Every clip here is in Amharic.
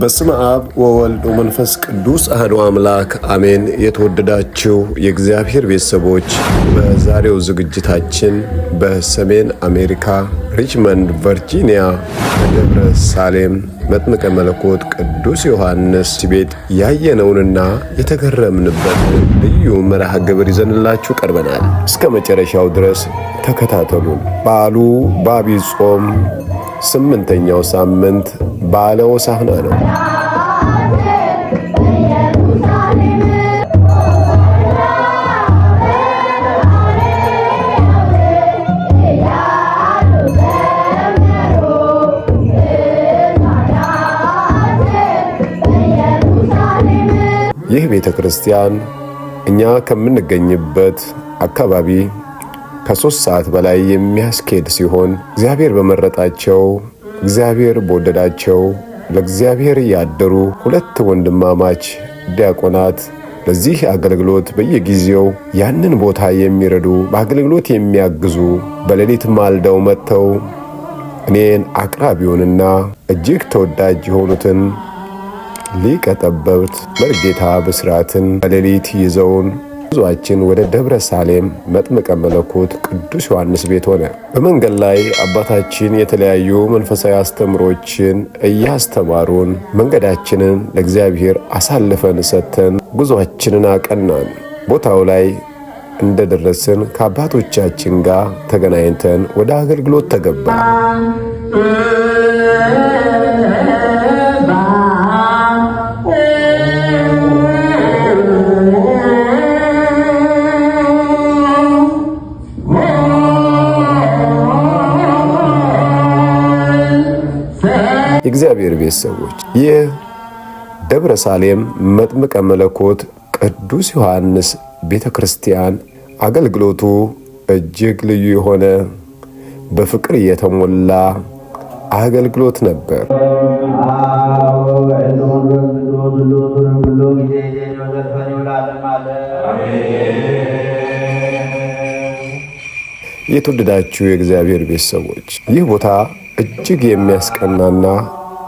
በስመ አብ ወወልድ ወመንፈስ ቅዱስ አህዶ አምላክ አሜን። የተወደዳችሁ የእግዚአብሔር ቤተሰቦች በዛሬው ዝግጅታችን በሰሜን አሜሪካ ሪችመንድ ቨርጂኒያ ደብረ ሳሌም መጥምቀ መለኮት ቅዱስ ዮሐንስ ቤት ያየነውንና የተገረምንበት ልዩ መርሃ ግብር ይዘንላችሁ ቀርበናል። እስከ መጨረሻው ድረስ ተከታተሉን። በዓሉ በአብይ ጾም ስምንተኛው ሳምንት በዓለ ሆሳዕና ነው። ይህ ቤተ ክርስቲያን እኛ ከምንገኝበት አካባቢ ከሦስት ሰዓት በላይ የሚያስኬድ ሲሆን እግዚአብሔር በመረጣቸው እግዚአብሔር በወደዳቸው ለእግዚአብሔር ያደሩ ሁለት ወንድማማች ዲያቆናት በዚህ አገልግሎት በየጊዜው ያንን ቦታ የሚረዱ በአገልግሎት የሚያግዙ በሌሊት ማልደው መጥተው እኔን አቅራቢውንና እጅግ ተወዳጅ የሆኑትን ሊቀ ጠበብት መርጌታ ብስራትን በሌሊት ይዘውን ጉዟችን ወደ ደብረ ሳሌም መጥምቀ መለኮት ቅዱስ ዮሐንስ ቤት ሆነ። በመንገድ ላይ አባታችን የተለያዩ መንፈሳዊ አስተምሮችን እያስተማሩን መንገዳችንን ለእግዚአብሔር አሳልፈን ሰጥተን ጉዟችንን አቀናን። ቦታው ላይ እንደደረስን ከአባቶቻችን ጋር ተገናኝተን ወደ አገልግሎት ተገባ። የእግዚአብሔር ቤት ሰዎች ይህ ደብረ ሳሌም መጥምቀ መለኮት ቅዱስ ዮሐንስ ቤተ ክርስቲያን አገልግሎቱ እጅግ ልዩ የሆነ በፍቅር የተሞላ አገልግሎት ነበር። የተወደዳችሁ የእግዚአብሔር ቤተሰቦች ይህ ቦታ እጅግ የሚያስቀናና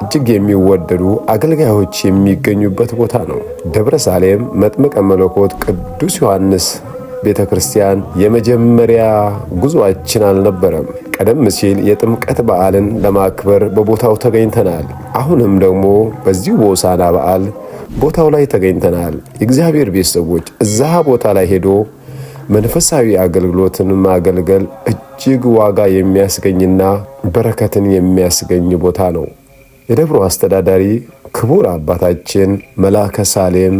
እጅግ የሚወደዱ አገልጋዮች የሚገኙበት ቦታ ነው። ደብረ ሳሌም መጥምቀ መለኮት ቅዱስ ዮሐንስ ቤተ ክርስቲያን የመጀመሪያ ጉዞአችን አልነበረም። ቀደም ሲል የጥምቀት በዓልን ለማክበር በቦታው ተገኝተናል። አሁንም ደግሞ በዚሁ በሆሳዕና በዓል ቦታው ላይ ተገኝተናል። የእግዚአብሔር ቤተሰቦች እዛ ቦታ ላይ ሄዶ መንፈሳዊ አገልግሎትን ማገልገል እጅግ ዋጋ የሚያስገኝና በረከትን የሚያስገኝ ቦታ ነው። የደብሮ አስተዳዳሪ ክቡር አባታችን መላከ ሳሌም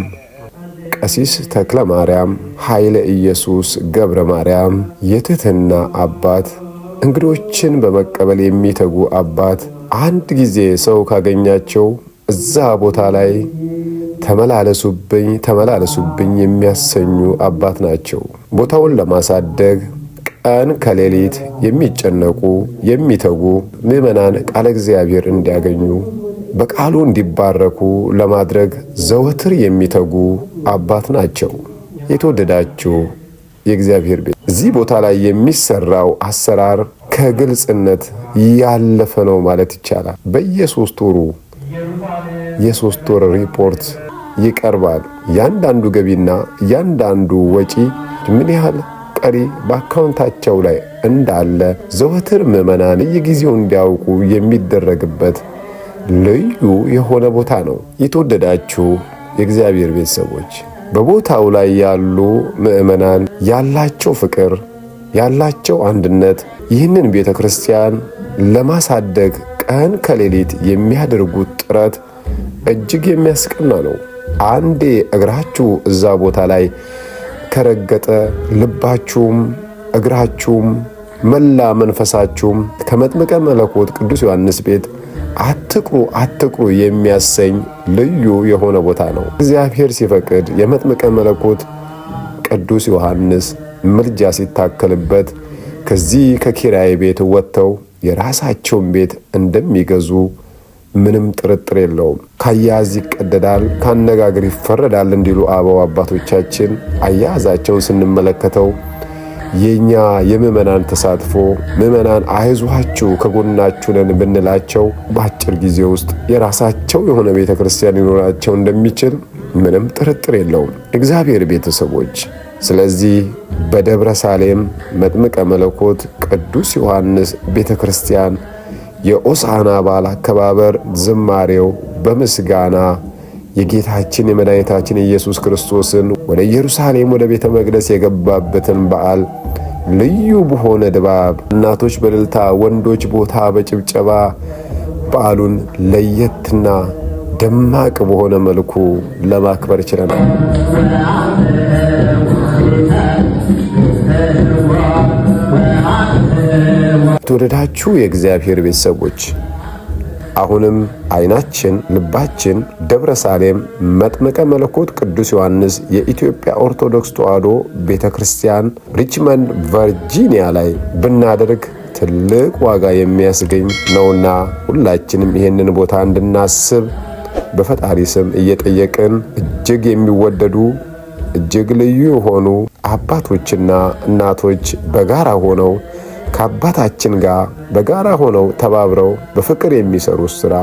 ቀሲስ ተክለ ማርያም ኃይለ ኢየሱስ ገብረ ማርያም የትህትና አባት፣ እንግዶችን በመቀበል የሚተጉ አባት፣ አንድ ጊዜ ሰው ካገኛቸው እዛ ቦታ ላይ ተመላለሱብኝ ተመላለሱብኝ የሚያሰኙ አባት ናቸው። ቦታውን ለማሳደግ ቀን ከሌሊት የሚጨነቁ የሚተጉ ምዕመናን ቃለ እግዚአብሔር እንዲያገኙ በቃሉ እንዲባረኩ ለማድረግ ዘወትር የሚተጉ አባት ናቸው። የተወደዳችሁ የእግዚአብሔር ቤት እዚህ ቦታ ላይ የሚሰራው አሰራር ከግልጽነት ያለፈ ነው ማለት ይቻላል። በየሶስት ወሩ የሶስት ወር ሪፖርት ይቀርባል። ያንዳንዱ ገቢና ያንዳንዱ ወጪ ምን ያህል ቀሪ በአካውንታቸው ላይ እንዳለ ዘወትር ምዕመናን የጊዜው እንዲያውቁ የሚደረግበት ልዩ የሆነ ቦታ ነው። የተወደዳችሁ የእግዚአብሔር ቤተሰቦች በቦታው ላይ ያሉ ምዕመናን ያላቸው ፍቅር፣ ያላቸው አንድነት ይህንን ቤተ ክርስቲያን ለማሳደግ ቀን ከሌሊት የሚያደርጉት ጥረት እጅግ የሚያስቀና ነው። አንዴ እግራችሁ እዛ ቦታ ላይ ከረገጠ ልባችሁም እግራችሁም መላ መንፈሳችሁም ከመጥምቀ መለኮት ቅዱስ ዮሐንስ ቤት አትቅሩ አትቅሩ የሚያሰኝ ልዩ የሆነ ቦታ ነው። እግዚአብሔር ሲፈቅድ የመጥምቀ መለኮት ቅዱስ ዮሐንስ ምልጃ ሲታከልበት ከዚህ ከኪራይ ቤት ወጥተው የራሳቸውን ቤት እንደሚገዙ ምንም ጥርጥር የለውም። ከአያያዝ ይቀደዳል፣ ከአነጋገር ይፈረዳል እንዲሉ አበው አባቶቻችን አያያዛቸውን ስንመለከተው የእኛ የምዕመናን ተሳትፎ ምዕመናን አይዟችሁ ከጎናችሁ ነን ብንላቸው በአጭር ጊዜ ውስጥ የራሳቸው የሆነ ቤተ ክርስቲያን ሊኖራቸው እንደሚችል ምንም ጥርጥር የለውም። እግዚአብሔር ቤተሰቦች፣ ስለዚህ በደብረ ሳሌም መጥምቀ መለኮት ቅዱስ ዮሐንስ ቤተ ክርስቲያን የኦሳና በዓል አከባበር ዝማሬው በምስጋና የጌታችን የመድኃኒታችን ኢየሱስ ክርስቶስን ወደ ኢየሩሳሌም ወደ ቤተ መቅደስ የገባበትን በዓል ልዩ በሆነ ድባብ እናቶች በልልታ ወንዶች ቦታ በጭብጨባ በዓሉን ለየትና ደማቅ በሆነ መልኩ ለማክበር ችለናል። የተወደዳችሁ የእግዚአብሔር ቤተሰቦች አሁንም አይናችን ልባችን ደብረ ሳሌም መጥምቀ መለኮት ቅዱስ ዮሐንስ የኢትዮጵያ ኦርቶዶክስ ተዋሕዶ ቤተ ክርስቲያን ሪችመንድ ቨርጂኒያ ላይ ብናደርግ ትልቅ ዋጋ የሚያስገኝ ነውና ሁላችንም ይህንን ቦታ እንድናስብ በፈጣሪ ስም እየጠየቅን እጅግ የሚወደዱ እጅግ ልዩ የሆኑ አባቶችና እናቶች በጋራ ሆነው ከአባታችን ጋር በጋራ ሆነው ተባብረው በፍቅር የሚሰሩት ስራ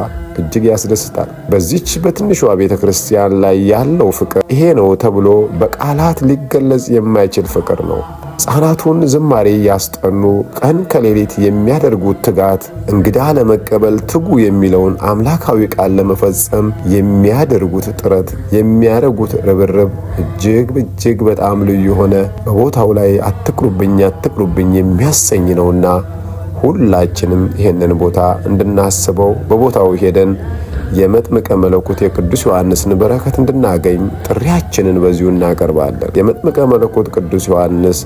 እጅግ ያስደስታል። በዚች በትንሿ ቤተ ክርስቲያን ላይ ያለው ፍቅር ይሄ ነው ተብሎ በቃላት ሊገለጽ የማይችል ፍቅር ነው። ሕፃናቱን ዝማሬ እያስጠኑ ቀን ከሌሊት የሚያደርጉት ትጋት እንግዳ ለመቀበል ትጉ የሚለውን አምላካዊ ቃል ለመፈጸም የሚያደርጉት ጥረት የሚያደርጉት ርብርብ እጅግ እጅግ በጣም ልዩ የሆነ በቦታው ላይ አትቅሩብኝ አትቅሩብኝ የሚያሰኝ ነውና ሁላችንም ይህንን ቦታ እንድናስበው በቦታው ሄደን የመጥምቀ መለኮት የቅዱስ ዮሐንስን በረከት እንድናገኝ ጥሪያችንን በዚሁ እናቀርባለን። የመጥምቀ መለኮት ቅዱስ ዮሐንስ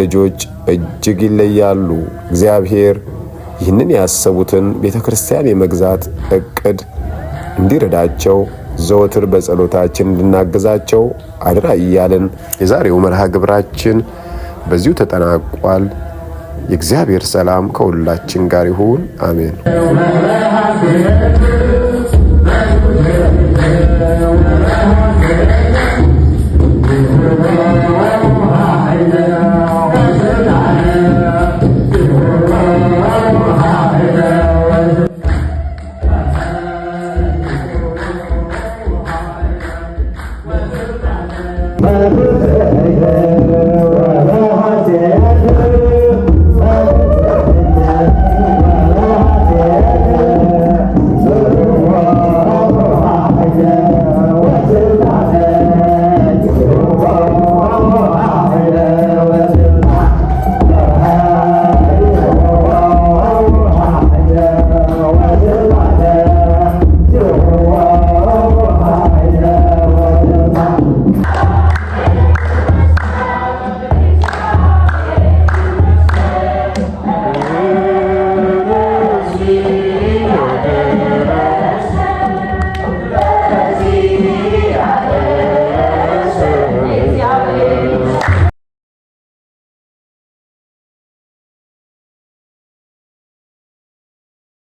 ልጆች እጅግ ይለያሉ። እግዚአብሔር ይህንን ያሰቡትን ቤተ ክርስቲያን የመግዛት እቅድ እንዲረዳቸው ዘወትር በጸሎታችን እንድናግዛቸው አድራ እያልን የዛሬው መርሃ ግብራችን በዚሁ ተጠናቋል። የእግዚአብሔር ሰላም ከሁላችን ጋር ይሁን። አሜን።